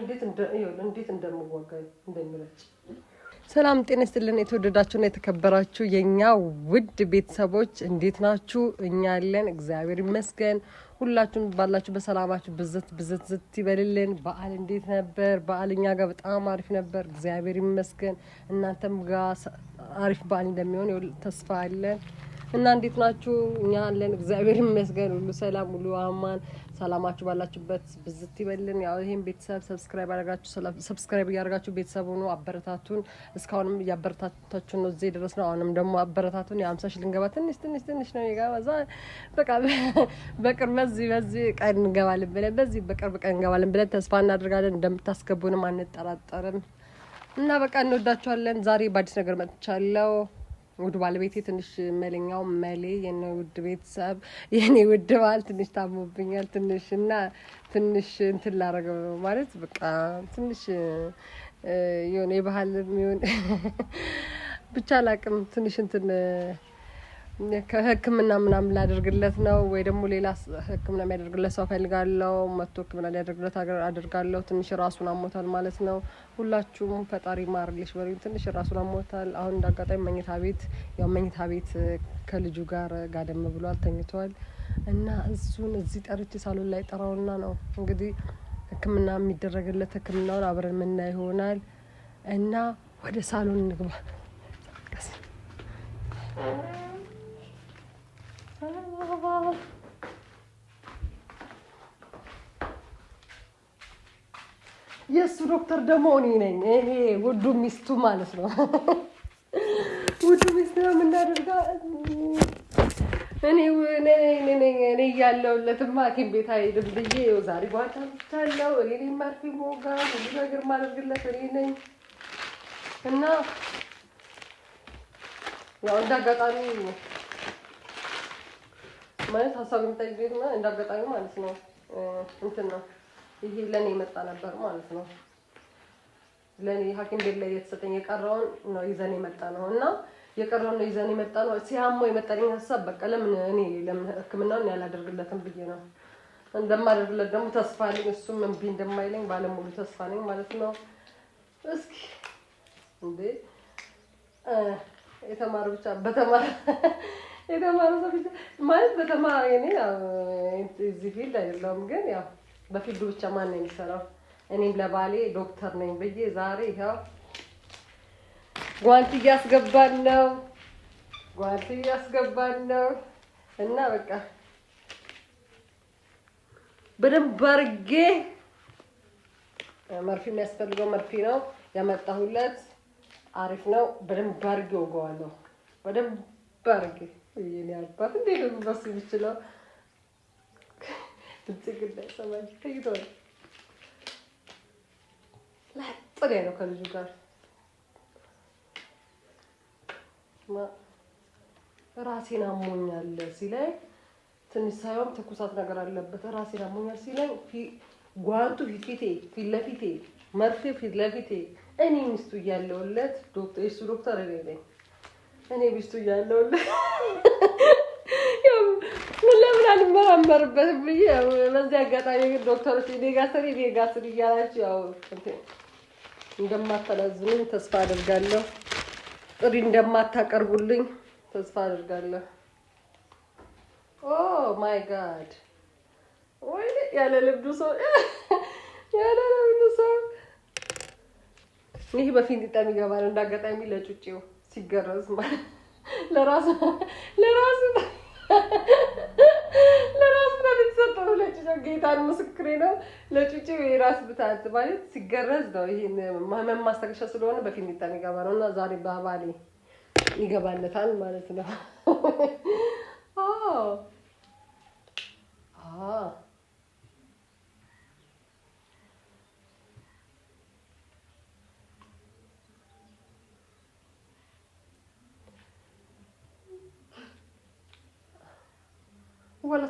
እንዴት እንደምዋጋ ሰላም ጤና ይስጥልን። የተወደዳችሁና የተከበራችሁ የኛ ውድ ቤተሰቦች እንዴት ናችሁ? እኛ ያለን እግዚአብሔር ይመስገን። ሁላችሁም ባላችሁ በሰላማችሁ ብዝት ብዘት ዝት ይበልልን። በዓል እንዴት ነበር? በዓል እኛ ጋር በጣም አሪፍ ነበር፣ እግዚአብሔር ይመስገን። እናንተም ጋር አሪፍ በዓል እንደሚሆን ተስፋ አለን እና እንዴት ናችሁ? እኛ አለን እግዚአብሔር ይመስገን። ሁሉ ሰላም፣ ሁሉ አማን ሰላማችሁ ባላችሁበት ብዝት ይበልን። ያው ይህን ቤተሰብ ሰብስክራይብ አድርጋችሁ ሰብስክራይብ እያደርጋችሁ ቤተሰቡ ነው አበረታቱን። እስካሁንም እያበረታታችሁ ነው፣ እዚህ ድረስ ነው። አሁንም ደግሞ አበረታቱን። የአምሳ ሺ ልንገባ ትንሽ ትንሽ ትንሽ ነው የጋባ ዛ በቃ በቅርብ በዚህ በዚህ ቀን እንገባልን ብለን በዚህ በቅርብ ቀን እንገባለን ብለን ተስፋ እናደርጋለን። እንደምታስገቡንም አንጠራጠርም እና በቃ እንወዳችኋለን። ዛሬ በአዲስ ነገር መጥቻለሁ። ውድ ባለቤቴ ትንሽ መለኛው መሌ የነ ውድ ቤተሰብ የኔ ውድ ባል ትንሽ ታሞብኛል። ትንሽ እና ትንሽ እንትን ላረገው ነው ማለት በቃ ትንሽ የሆነ የባህል የሚሆን ብቻ ላቅም ትንሽ እንትን ከህክምና ምናምን ላደርግለት ነው ወይ ደግሞ ሌላ ህክምና የሚያደርግለት ሰው ፈልጋለው። መቶ ህክምና ሊያደርግለት አደርጋለሁ። ትንሽ ራሱን አሞታል ማለት ነው። ሁላችሁም ፈጣሪ ማርልሽ በ ትንሽ ራሱን አሞታል። አሁን እንዳጋጣሚ መኝታ ቤት ያው መኝታ ቤት ከልጁ ጋር ጋደም ብሏል ተኝተዋል እና እሱን እዚህ ጠርቼ ሳሎን ላይ ጠራውና ነው እንግዲህ ህክምና የሚደረግለት ህክምናውን አብረን ምና ይሆናል እና ወደ ሳሎን እንግባ Bravo. የእሱ ዶክተር ደግሞ እኔ ነኝ። ይሄ ውዱ ሚስቱ ማለት ነው። ውዱ ሚስቱ የምናደርጋ የምናደርገው። እኔ እያለሁለትማ ሐኪም ቤት አይሄድም ብዬ ይኸው ዛሬ ጓዳ ብቻለሁ። እኔ ነኝ ማርፊ ሞጋ ብዙ ነገር ማደርግለት እኔ ነኝ እና ያው እንዳጋጣሚ ማለት ሀሳብ ና እንዳጋጣሚ ማለት ነው እንትን ነው ይሄ ለእኔ የመጣ ነበር ማለት ነው። ለእኔ ሐኪም ቤት ላይ የተሰጠኝ የቀረውን ነው ይዘን የመጣ ነው እና የቀረውን ነው ይዘን የመጣ ነው። ሲያሞ የመጣልኝ ሀሳብ በቃ ለምን እኔ ለምን ሕክምናውን ያላደርግለትም ብዬ ነው። እንደማደርግለት ደግሞ ተስፋ አለኝ። እሱም እምቢ እንደማይለኝ ባለሙሉ ተስፋ ነኝ ማለት ነው። እስኪ እንዴ የተማረ ብቻ በተማረ የተማረ ሰው ፊት ማለት በተማሪ እኔ እዚህ ፊልድ አይደለሁም፣ ግን ያው በፊልዱ ብቻ ማን ነው የሚሰራው? እኔም ለባሌ ዶክተር ነኝ ብዬ ዛሬ ያው ጓንት እያስገባን ነው፣ ጓንት እያስገባን ነው። እና በቃ በደንብ አድርጌ መርፌ የሚያስፈልገው መርፌ ነው ያመጣሁለት። አሪፍ ነው። በደንብ አድርጌ ወገዋለሁ። በደንብ አድርጌ የኔ አባት እንዴት ነው ባስ የሚችለው? ብልጽግ እንዳይሰማኝ ተይቷል። ላጥር ያለው ከልጁ ጋር ራሴን አሞኛል ሲለኝ ትንሽ ሳይሆን ትኩሳት ነገር አለበት። ራሴን አሞኛል ሲለኝ ጓንቱ ፊትፊቴ ፊት ለፊቴ መርፌ ፊት ለፊቴ እኔ ሚስቱ እያለሁለት ዶክተር እሱ ዶክተር እኔ ነኝ እኔ ቢስቱ እያለሁ ለምን አልመራመርበትም ብዬ በዚህ አጋጣሚ ግን ዶክተሮች እኔ ጋ ስሪ እኔ ጋ ስሪ እያላችሁ ያው እንደማታላዝኑኝ ተስፋ አድርጋለሁ። ጥሪ እንደማታቀርቡልኝ ተስፋ አድርጋለሁ። ኦ ማይ ጋድ ወይ ያለ ልብዱ ሰው ያለ ልብዱ ሰው ይህ በፊት ሊጠም ይገባል እንዳጋጣሚ ለጩጬው ሲገረዝ ማለት ለራሱ ለራሱ ለራሱ የተሰጠው ለጩጮ ጌታን ምስክሬ ነው። ለጩጮ የራስ ብታት ማለት ሲገረዝ ነው። ይህን ህመም ማስታገሻ ስለሆነ በፊኒታ የሚገባ ነው እና ዛሬ በባሌ ይገባለታል ማለት ነው።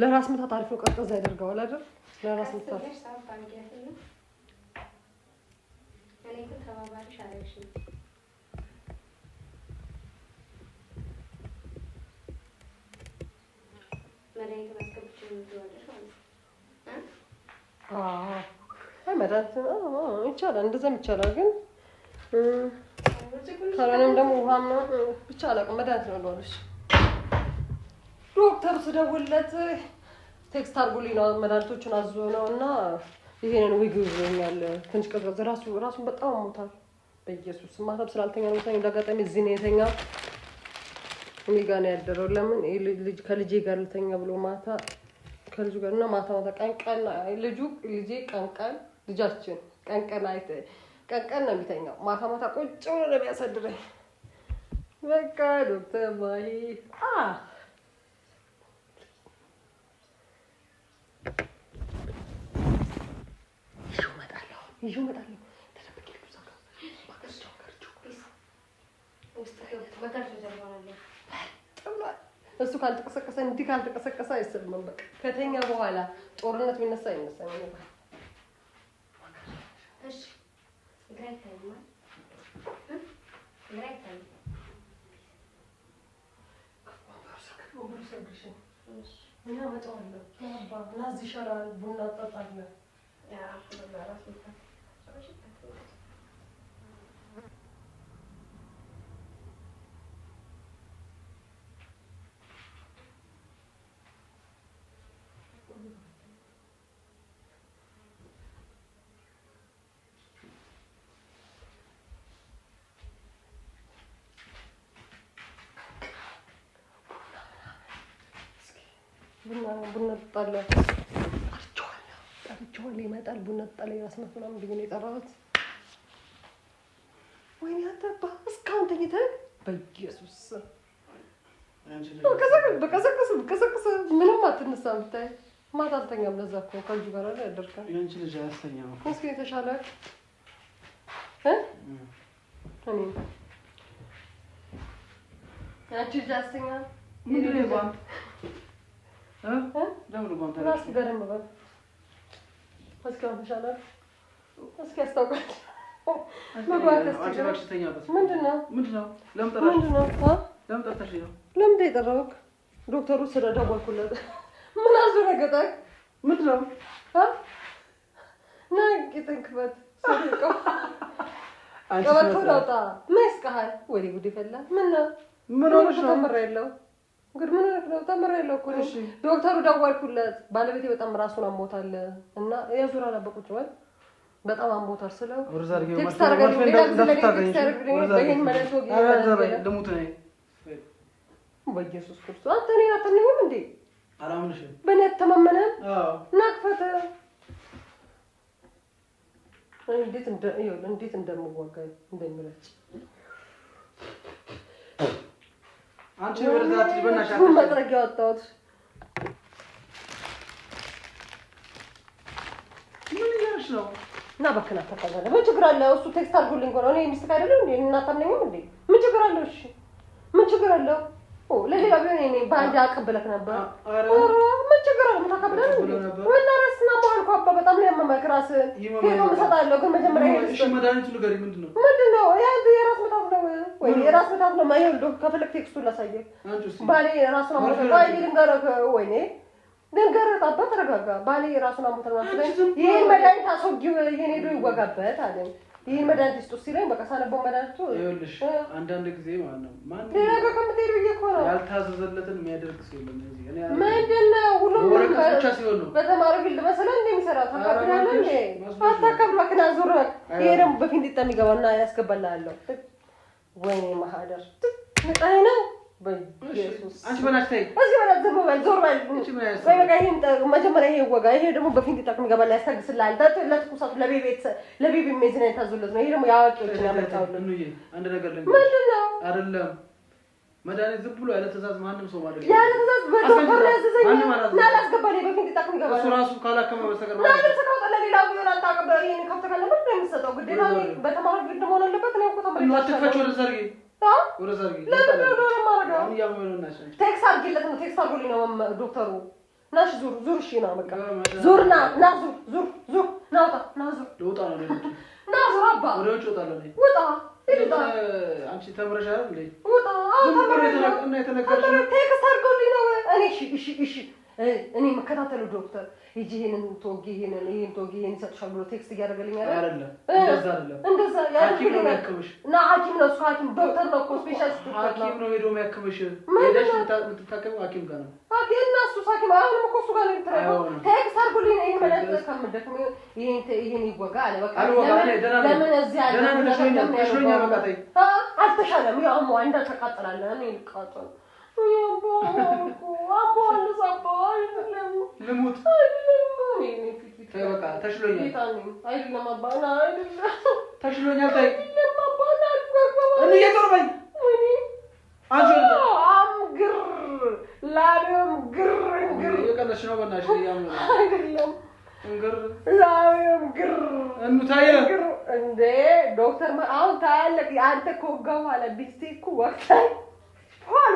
ለራስ ምታት አሪፍ ነው። ቀዝቀዝ ያደርገዋል አይደል? ለራስ ምታት ይቻላል፣ እንደዛም ይቻላል። ግን ካልሆነም ደግሞ ውሃ ብቻ አላውቅም መድኃኒት ነው ለዋለች ዶክተር ስደውልለት ቴክስት አድርጎልኝ ነው መድኃኒቶቹን አዞ ነው እና ይሄንን ዊግ ይዞኛል። ትንሽ ቀዝቀዝ ራሱ ራሱን በጣም ሞታል። በኢየሱስ ማታም ስላልተኛ ነው ሳይ እንዳጋጣሚ እዚህ ነው የተኛ እኔ ጋር ነው ያደረው። ለምን ልጅ ከልጄ ጋር ልተኛ ብሎ ማታ ከልጁ ጋር እና ማታ ማታ ቀንቀን ልጁ ልጄ ቀንቀን ልጃችን ቀንቀን አይተ ቀንቀን ነው የሚተኛው። ማታ ማታ ቁጭ ብሎ ነው የሚያሳድረኝ። በቃ ዶክተር አህ ይዤው እመጣለሁ። ተደብቄ ልጁ ጋር እሱ ካልተቀሰቀሰ እንዲህ ካልተቀሰቀሰ አይሰማም። በቃ ከተኛ በኋላ ጦርነት ቢነሳ አይነሳ እና መጣዋለሁ ቡና ቡና ነው ቡና ጠጣለ ጠርቼዋለሁ ጠርቼዋለሁ ይመጣል ቡና ጠጣለ የራስ መስ ምናምን ብዬ ነው የጠራሁት። ወይኔ አታባ እስካሁን ተኝተህ በኢየሱስ በቀሰቀሰ በቀሰቀሰ ምንም አትነሳ ብታይ ማታ አልተኛም። ለዛ እኮ ከልጁ ጋር አለ ያደርጋል። ያንቺ ልጅ አያስተኛም እስኪ የተሻለ እኔ ራስ ገረም በል እስኪ አሁን ይሻላል። እስኪ ያስታውቃል። የጠራሁት? ዶክተሩ ስለደወልኩለት ምን አስደነገጠህ? ምንድን ነው ናቂጥንክበት ቀበቶ ዳውጣ መስቀሃል ወደ ጉድ ይፈላል። ምነው ምን ሆነሽ ነው? እንግዲህ ምን ነው ያለው እኮ እሺ። ዶክተሩ ደወልኩለት። ባለቤቴ በጣም ራሱን አሞታል እና የዙራ ነበቁት ወይ በጣም አሞታል ስለው በኢየሱስ ክርስቶስ አንተ እኔን አታምነኝም እንዴ? አላምንሽም። በእኔ አትተማመንም? ና ክፈት። እንዴት እንደምዋጋ እንደሚለች አንቺ ወርዛት በእናትሽ መጥረጊያ ወጣሁት። ምን እያልሽ ነው? እና በክና ተቀበለ። ምን ችግር አለ? እሱ ቴክስት አድርጎልኝ እኮ ነው። እኔ ሚስትህ አይደለም እንዴ? እና እንዴ? ምን ችግር አለው? እሺ ምን ችግር አለው? ለሌላ ቢሆን እኔ በአንድ አቀበለክ ነበር። ችግር አለ። ተከብደን ወላ ራስና ማልኩ አባ በጣም ነው ያመመህ። ራስ ሄዶ እሰጣለሁ፣ ግን መጀመሪያ እሺ፣ መድኃኒቱ ንገሪኝ። ምንድን ነው ምንድን ነው? የራስ ምታት ነው ወይ የራስ ምታት ነው ማየው። እንደው ከፈለክ ቴክስቱን ላሳየህ። ባሌ ራሱን አሞተ። ባይ ልንገርህ፣ ወይኔ ልንገርህ፣ አባ ተረጋጋ። ባሌ ራሱን አሞተ። ይሄን መድኃኒት አስወጊው፣ ይሄን ሄዶ ይወጋበት አለኝ ይህን መድኃኒት ይስጡ ሲለኝ በቃ ሳነበው መድኃኒቱ ይኸውልሽ፣ አንዳንድ ጊዜ ማለት ነው ማንም ያልታዘዘለትን የሚያደርግ ሰው የለም። ምንድን ነው ሁሉም በተማሪ ፊልድ መሰለህ እንደ የሚሰራው ታካብላለህ፣ አታካብላ ክና ዙር። ይሄ ደግሞ በፊት የሚገባና ያስገባልሃለሁ። ወይኔ ማህደር ንጣይ ነው መጀመሪያ ይሄ ወጋ። ይሄ ደግሞ በፊንጢጣ መድኃኒት ዝም ብሎ ያለ ትእዛዝ ማንም ሰው ማለት ያለ ትእዛዝ በዶክተር ያዘዘኝ ላላስገባ ላይ በፊንጢጣ የሚገባ እሱ ራሱ ካላከመ በስተቀር ምንም በተማሪ ግድ መሆን አለበት ቴክስት ዶክተሩ። ናሽ ዙር ዙር። እሺ ና በቃ ዙር ና ና ዙር ዙር ዙር ና ውጣ ና ዙር ልውጣ ነው ና ዙር አባ ወደ ውጭ ውጣ ነው ውጣ አንቺ ተምረሻ አይደል? ውጣ አዎ ተምረሻ። ቴክስት አድርጎልኝ ነው እኔ እሺ እሺ እሺ እኔ የምከታተለው ዶክተር ሂጂ ይሄንን ቶጊ ይሄንን ይሄን ቶጊ ይሄን ይሰጥሻል ብሎ ቴክስት እያደረገልኝ አለ። አይደለም እንደዛ አይደለም፣ እንደዛ እና ሐኪም ነው እሱ ሐኪም ዶክተር ነው እኮ ስፔሻሊስት ሐኪም ነው ሄዶ የሚያክምሽ። ሄደሽ የምትታከሚው ሐኪም ጋር ነው። ሐኪም እና እሱ ሐኪም አሁንም እኮ እሱ ጋር ነው የምትረዳው። ቴክስት አድርጉልኝ ይሄን መለስ ከምደክም ይሄን ይሄን ይወጋ አለ። በቃ ለምን እዚህ አለ ለምን አልተሻለም። ያው ሞ እኔ ልቃጠል ልሙት በቃ ተሽሎኛል። ተሽሎኛል። ታይ እየጦርበኝ አም ግር ላቤም ግር ግር የቀለሽ ነው በናሽ አይደለም እንግር ላቤም ግር እንታየ እንዴ ዶክተር አሁን ታያለህ። አንተ ከወጋው አለ ቢስቴ እኮ ወቅታል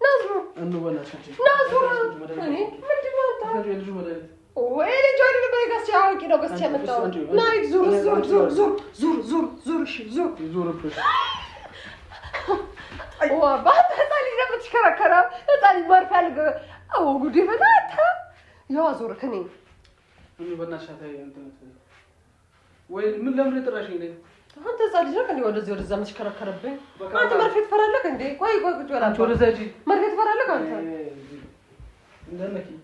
ዙር አንተ እዛ ልጅ ነህ እንዴ? ወደዚህ ወደዛ የምትሽከረከረብኝ አንተ መርፌ ትፈራለህ እንዴ? ቆይ ቆይ፣ ቁጭ በል አንተ። ወደዛ ሂጂ። መርፌ ትፈራለህ አንተ?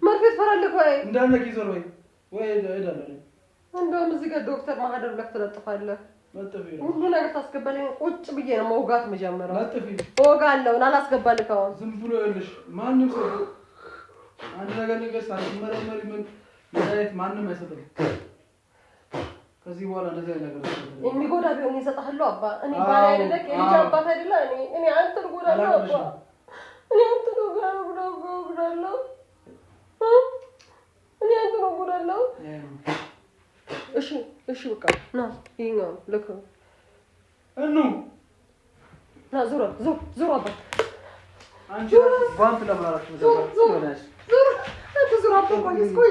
መርፌ ትፈራለህ? ቆይ እንዳነኪ ዞር ወይ ወይ። እንደውም እዚህ ጋር ዶክተር ማህደር ብለህ ትለጥፋለህ። ሁሉ ነገር ታስገባልኝ። ቁጭ ብዬ ነው መውጋት መጀመሪያ። እወጋለሁ። አላስገባልህ ከሆነ ዝም ብሎ ይኸውልሽ፣ ማንም ሰው አንድ ነገር ንገስ ሳትመረመሪ ምን መድኃኒት ማንም አይሰጥም። ከዚህ በኋላ እንደዚህ አይነት ነገር የሚጎዳ ቢሆን ይሰጥሃለሁ። አባ እኔ ባሪያ አይደለህ? የልጅ አባት አይደለ እኔ እኔ አንተን ጎዳለሁ አባ እኔ አንተን ጎዳለሁ ጎዳለሁ ጎዳለሁ እኔ አንተን ጎዳለሁ። እሺ፣ እሺ፣ በቃ ና፣ ይኸኛው ልክ ነው። እኑ ና፣ ዞር፣ ዞር፣ ዞር። አባ አንቺ ጓንት ለማራሽ ነው። ዞር፣ ዞር፣ አንተ ዞር፣ አባ ቆይ፣ ቆይ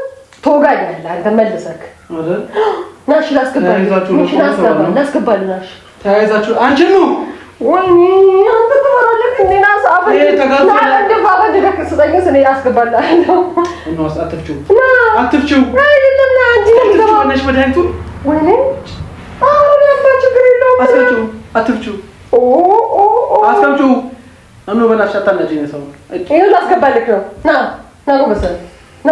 ያለ አንተ መልሰክ ናሽ ላስገባልህ ላስገባልህ ናሽ ተያይዛችሁ አንቺ ነው ወይኔ አንተ ትመራለህ እንዴ ናስ አፈል ና እንደ ባባጅ ደክስጠኝ ስኔ አስገባልሃለሁ እናስ አትፍጪው አትፍጪው አይደለም ና እንጂ ወይኔ አሁን ያባ ችግር የለውም አስገጪው አትፍጪው ኦ ኦ አስገጪው እኖ በናሽ አታናጂኝ ሰው ይኸውልህ አስገባልህ ነው ና ና በሰል ና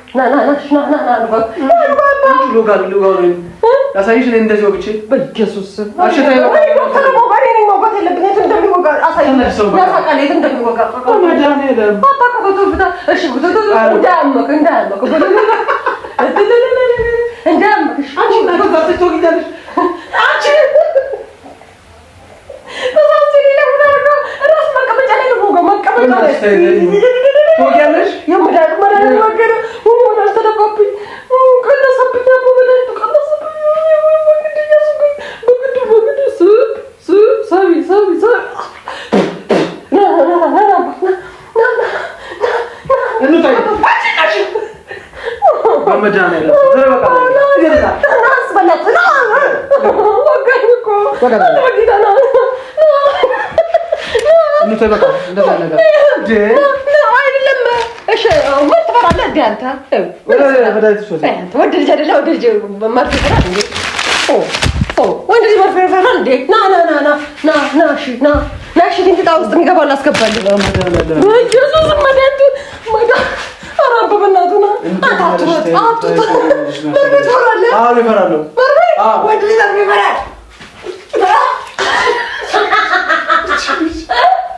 ራስ መቀመጫ ላይ ነው መቀመጫ ወንድ ልጅ ይፈራል።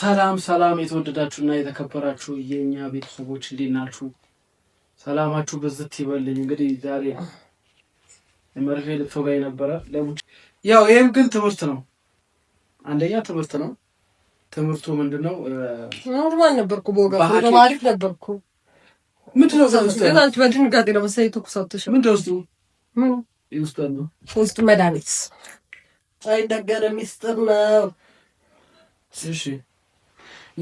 ሰላም ሰላም፣ የተወደዳችሁና የተከበራችሁ የእኛ ቤተሰቦች እንዴት ናችሁ? ሰላማችሁ በዝት ይበልኝ። እንግዲህ ዛሬ የመርፌ ልብሶ ላይ ነበረ። ያው ይህም ግን ትምህርት ነው፣ አንደኛ ትምህርት ነው። ትምህርቱ ምንድን ነው? ኖርማል ነበርኩ፣ በማሪፍ ነበርኩ። ምንድን ነው በድንጋጤ ለመሳይ ተኩሳቶሽ ምንድን ውስጡ ውስጡ መድኃኒት አይነገር ሚስጥር ነው እሺ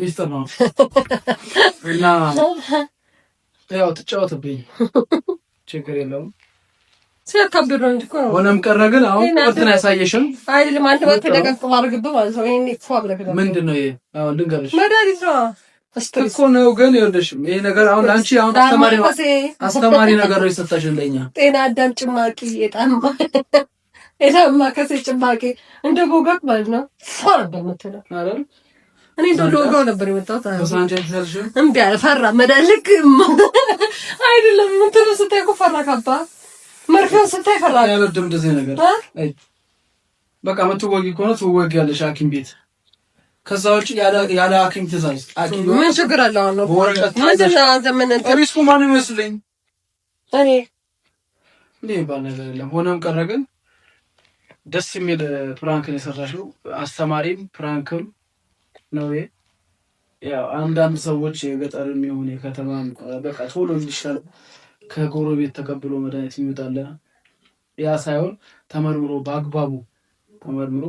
ሚስጥር ነው ያው ትጫወትብኝ ችግር የለውም። ሲያካብድ ነው ሆነም ቀረ ግን አሁን ወርትን ያሳየሽም አይደለም። አንድ ወቅት ደቀቅ ማድረግብ ማለት ነው። ይሄን ፏ ብለህ ምንድን ነው ይሄ አሁን ልንገርሽ መድኃኒት ነው እኮ ነው። ግን ይኸውልሽ ይሄ ነገር አሁን ለአንቺ አሁን አስተማሪ አስተማሪ ነገር ነው የሰጠሽን ለእኛ ጤና አዳም ጭማቂ የጣም የታማ ከሴ ጭማቂ እንደ ቦጋቅ ማለት ነው። ነበር ምትለው እኔ እንደ ዶጋው ነበር የመጣሁት። እምቢ አለ ፈራ። መደልክ አይደለም ስታይ ፈራ። ካባ መርፌው ስታይ ፈራ። አልወድም እንደዚህ ነገር። በቃ ምትወጊ ከሆነ ትወጊያለሽ ሐኪም ቤት ከዛ ውጭ ያለ ሐኪም ትእዛዝ ምን ችግር አለው? ነው ወረቀት ሪስኩ ማን ይመስልኝ እኔ ይባል ነገር የለም። ሆነም ቀረ ግን ደስ የሚል ፕራንክን የሰራሽው አስተማሪም ፕራንክም ነው። ያው አንዳንድ ሰዎች የገጠርም ይሁን የከተማም በቃ ቶሎ ይሻል ከጎረቤት ተቀብሎ መድኃኒት ይወጣል። ያ ሳይሆን ተመርምሮ በአግባቡ ተመርምሮ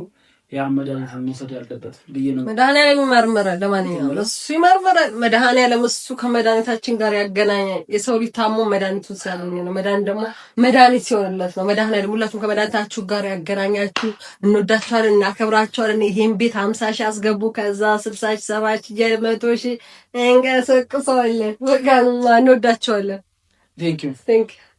ያ መድኃኒቱን መውሰድ ያለበት ብዬ ነው። መድኃኒዓለም ይመርምራል። ለማንኛውም እሱ ይመርምራል። መድኃኒዓለም እሱ ከመድኃኒታችን ጋር ያገናኘ የሰው ልጅ ታሞ መድኃኒቱን ስላገኘ ነው። መድኃኒት ደግሞ መድኃኒት ሲሆንለት ነው። መድኃኒዓለም ሁላችሁም ከመድኃኒታችሁ ጋር ያገናኛችሁ። እንወዳችኋለን፣ እናከብራችኋለን። ይሄን ቤት ሀምሳ ሺህ አስገቡ፣ ከዛ ስልሳ ሺህ ሰባ ሺህ እያለ መቶ ሺህ እንቀሰቅሰዋለን። ወጋንማ እንወዳችኋለን። ቴንክ ዩ